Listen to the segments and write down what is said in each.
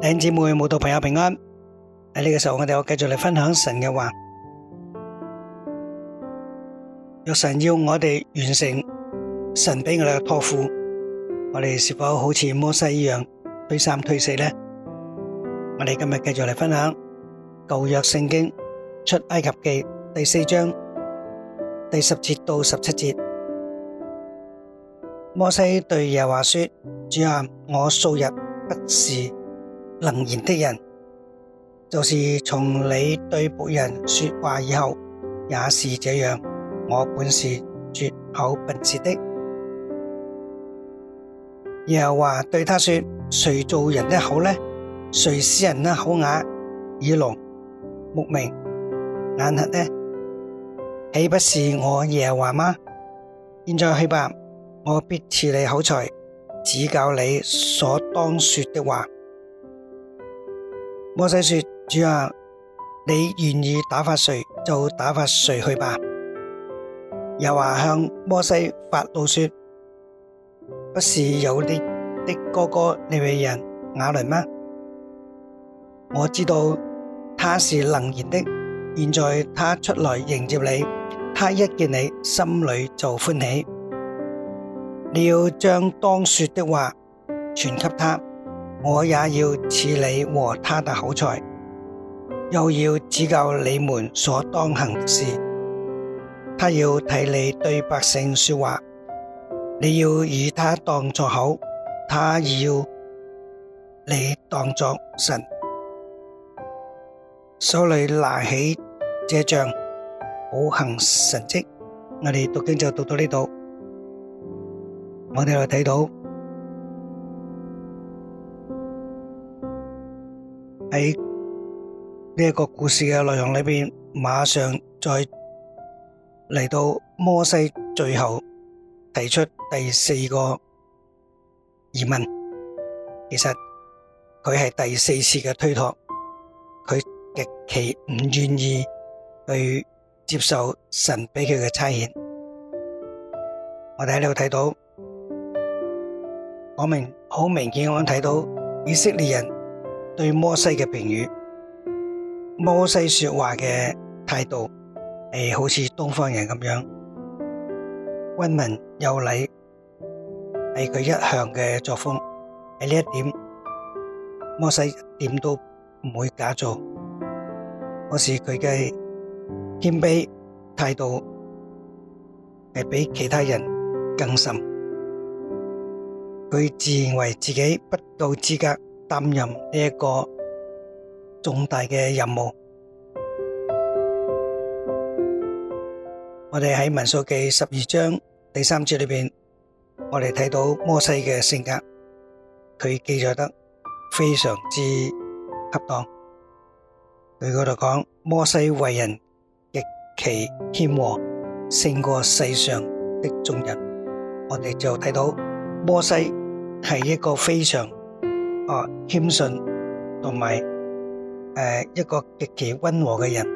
弟兄姊妹、慕道朋友平安。喺呢個時候，我哋又繼續嚟分享神嘅話。若神要我哋完成神俾我哋嘅託付，我哋是否好似摩西一樣推三推四呢？我哋今日繼續嚟分享舊約聖經出埃及記第四章第十節到十七節。摩西對耶和華說：主啊，我素日不是。能言的人，就是從你對僕人說話以後，也是這樣。我本是絕口不舌的。耶和華對他說：誰做人的口呢？誰使人的口啞耳聾目明眼黑呢？豈不是我耶和華嗎？現在去吧，我必賜你口才，指教你所當說的話。摩西說：主啊，你願意打發誰就打發誰去吧。又話向摩西發怒說：不是有你的哥哥利未人雅倫嗎？我知道他是能言的，現在他出來迎接你，他一見你心裏就歡喜。你要將當說的話傳給他。我也要賜你和他的口才，又要指教你們所當行事，他要替你對百姓說話，你要以他當作口，他要你當作神。手裏拿起這杖，好行神蹟。我哋讀經就讀到呢度，我哋嚟睇到，喺呢一個故事嘅內容裏邊，馬上再嚟到摩西最後提出第四個疑問。其實佢係第四次嘅推托，佢極其唔願意去接受神畀佢嘅差遣。我哋喺呢度睇到，我明好明顯可以睇到以色列人。對摩西嘅評語。摩西說話嘅態度係好似東方人噉樣，溫文有禮，係佢一向嘅作風。喺呢一點，摩西點都唔會假做。可是佢嘅謙卑態度係比其他人更深，佢自認為自己不夠資格。擔任呢一個重大嘅任務，我哋喺民數記十二章第三節裏邊，我哋睇到摩西嘅性格，佢記載得非常之恰當。佢嗰度講摩西為人極其謙和，勝過世上的眾人。我哋就睇到摩西係一個非常。謙遜同埋誒，一個極其溫和嘅人。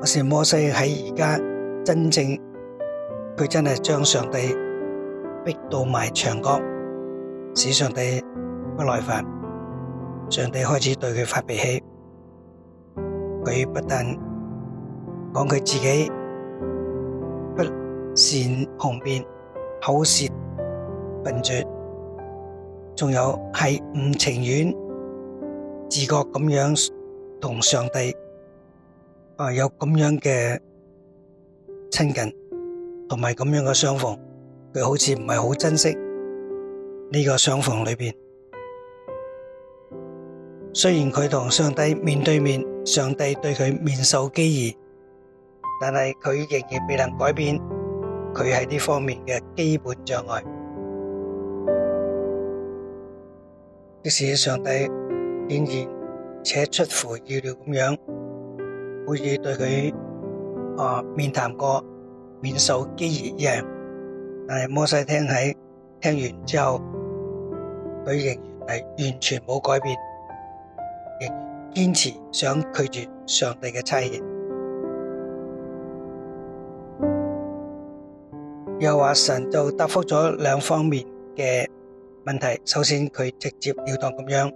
可是摩西喺而家真正佢真係將上帝逼到埋牆角，使上帝不耐煩，上帝開始對佢發脾氣。佢不但講佢自己不善雄辯，口舌笨拙。仲有係唔情願自覺咁樣同上帝啊有咁樣嘅親近，同埋咁樣嘅相逢，佢好似唔係好珍惜呢個相逢裏邊。雖然佢同上帝面對面，上帝對佢面授機宜，但係佢仍然未能改變佢喺呢方面嘅基本障礙。即使上帝顯然且出乎意料咁樣，好似對佢啊面談過，面受激熱一樣，但係摩西聽起聽完之後，佢仍然係完全冇改變，仍堅持想拒絕上帝嘅差遣。又話神就答覆咗兩方面嘅。問題首先佢直截了當咁樣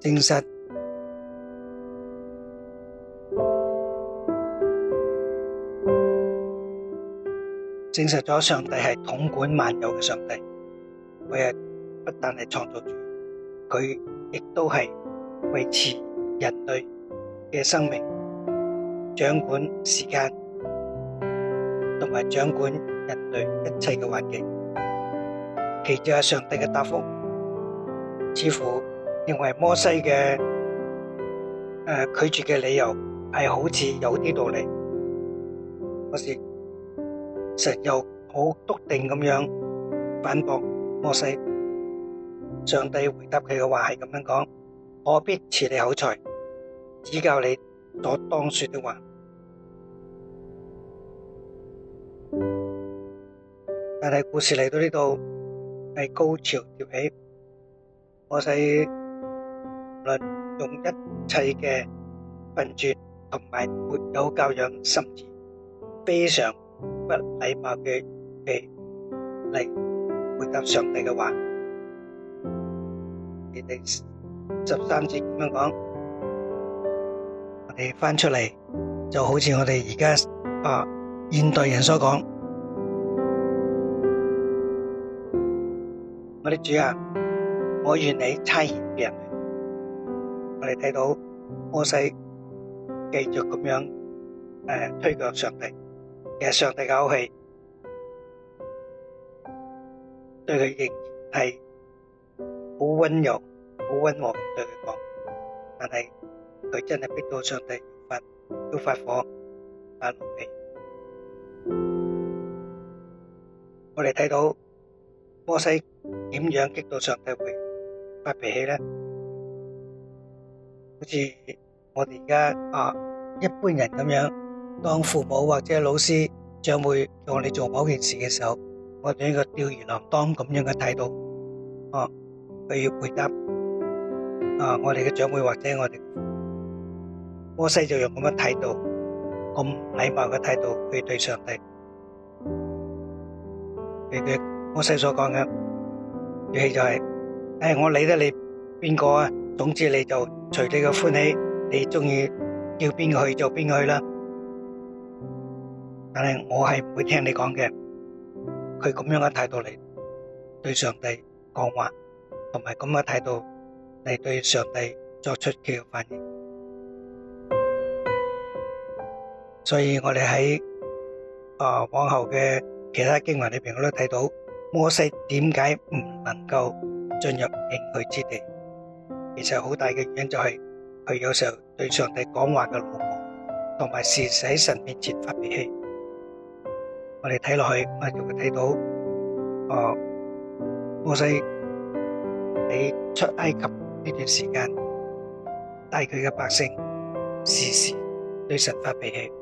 證實，證實咗上帝係統管萬有嘅上帝。佢係不但係創造主，佢亦都係維持人類嘅生命，掌管時間，同埋掌管人類一切嘅環境。其實係上帝嘅答覆似乎認為摩西嘅，誒，拒絕嘅理由係好似有啲道理，可是神又好篤定咁樣反駁摩西。上帝回答佢嘅話係咁樣講：我必賜你口才，指教你所當說的話。但係故事嚟到,呢度。係高潮迭起，我使無論用一切嘅笨拙同埋沒有教養、甚至非常不禮貌嘅語氣嚟回答上帝嘅話，你哋十三節咁樣講，我哋翻出嚟就好似我哋而家啊現代人所講。我的主啊，我願你差遣別人。我哋睇到摩西繼續咁樣誒推腳上帝，其實上帝嘅口氣對佢仍然係好温柔，好温和咁對佢講，但係佢真係逼到上帝要發要發火、發怒氣。我哋睇到。摩西點樣激到上帝會發脾氣呢？好似我哋而家啊，一般人咁樣，當父母或者老師長輩叫我哋做某件事嘅時候，我哋應該吊兒郎當咁樣嘅態度，去回答啊，我哋嘅長輩，或者我哋，摩西就用咁樣態度，咁禮貌嘅態度去對上帝，俾佢。我細所講嘅語氣就係，誒，我理得你邊個啊？總之你就隨你嘅歡喜，你中意叫邊個去就邊個去啦。但係我係唔會聽你講嘅。佢咁樣嘅態度嚟對上帝講話，同埋咁嘅態度嚟對上帝作出佢嘅反應。所以我哋喺誒往後嘅其他經文裏邊，我都睇到，摩西點解唔能夠進入應許之地？其實好大嘅原因就係佢有時候對上帝講話嘅魯莽，同埋時時喺神面前發脾氣。我哋睇落去，我哋就會睇到，哦，摩西喺出埃及呢段時間帶佢嘅百姓，時時對神發脾氣。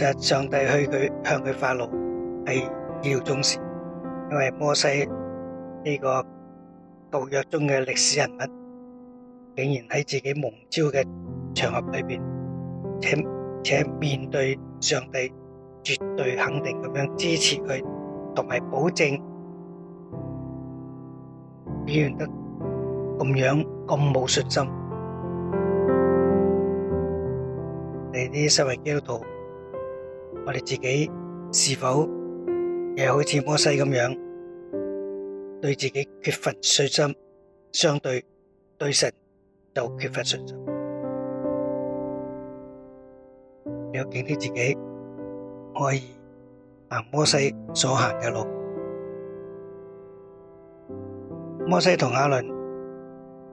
其實上帝去佢向佢發怒係要重視，因為摩西呢個舊約中嘅歷史人物，竟然喺自己蒙召嘅場合裏邊，且且面對上帝絕對肯定咁樣支持佢，同埋保證表現得咁樣咁冇信心，你啲身為基督徒。我哋自己是否又好似摩西咁樣，對自己缺乏信心，相對對神就缺乏信心，要警惕自己可以行摩西所行嘅路。摩西同亞倫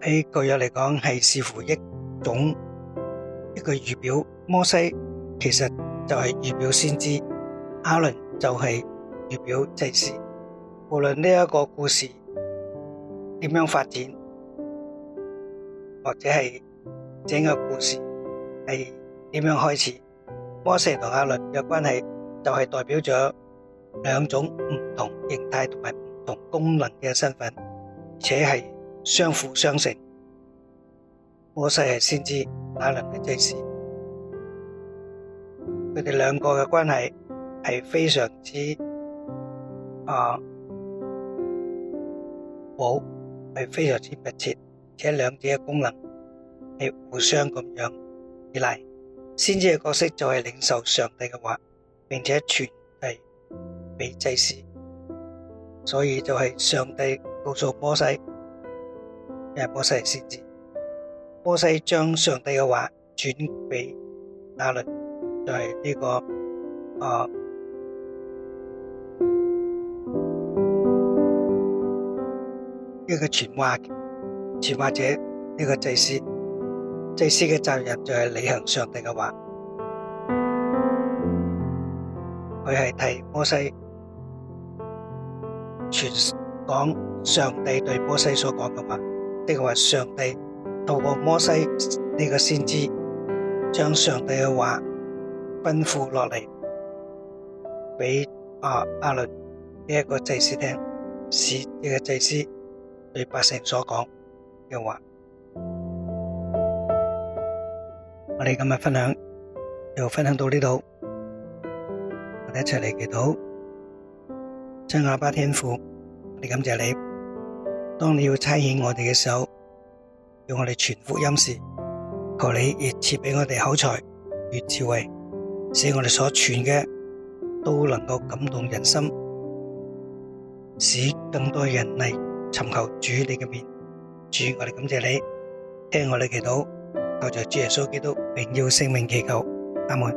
喺舊約嚟講係視乎一種一個預表，摩西其實。就係預表先知，阿倫就係預表祭司。無論呢一個故事點樣發展，或者係整個故事係點樣開始，摩西同阿倫嘅關係就係代表咗兩種唔同形態同埋唔同功能嘅身份，而且係相輔相成。摩西係先知，阿倫嘅祭司。佢哋兩個嘅關係係非常之啊好，係非常之密切，且兩者嘅功能係互相咁樣依賴。先知嘅角色就係領受上帝嘅話，並且傳遞俾祭司，所以就係上帝告訴摩西，又係摩西先知，摩西將上帝嘅話轉俾亞倫。就係、是、呢、這個啊，呢、這個傳話，傳話者呢、這個祭司，祭司嘅責任就係履行上帝嘅話，佢係替摩西傳講上帝對摩西所講嘅話，即係話上帝透過摩西呢個先知，將上帝嘅話奔赴落嚟，俾阿阿倫呢一個祭司聽，是呢個祭司對百姓所講嘅話。我哋今日分享又分享到呢度，我哋一齊嚟祈禱，將阿爸天父，我哋感謝你，當你要差遣我哋嘅時候，要我哋傳福音時，求你越賜俾我哋口才與智慧。使我哋所傳嘅都能夠感動人心，使更多人嚟尋求主你嘅面。主，我哋感謝你聽我哋祈禱，靠着主耶穌基督榮耀聖名祈求，阿門。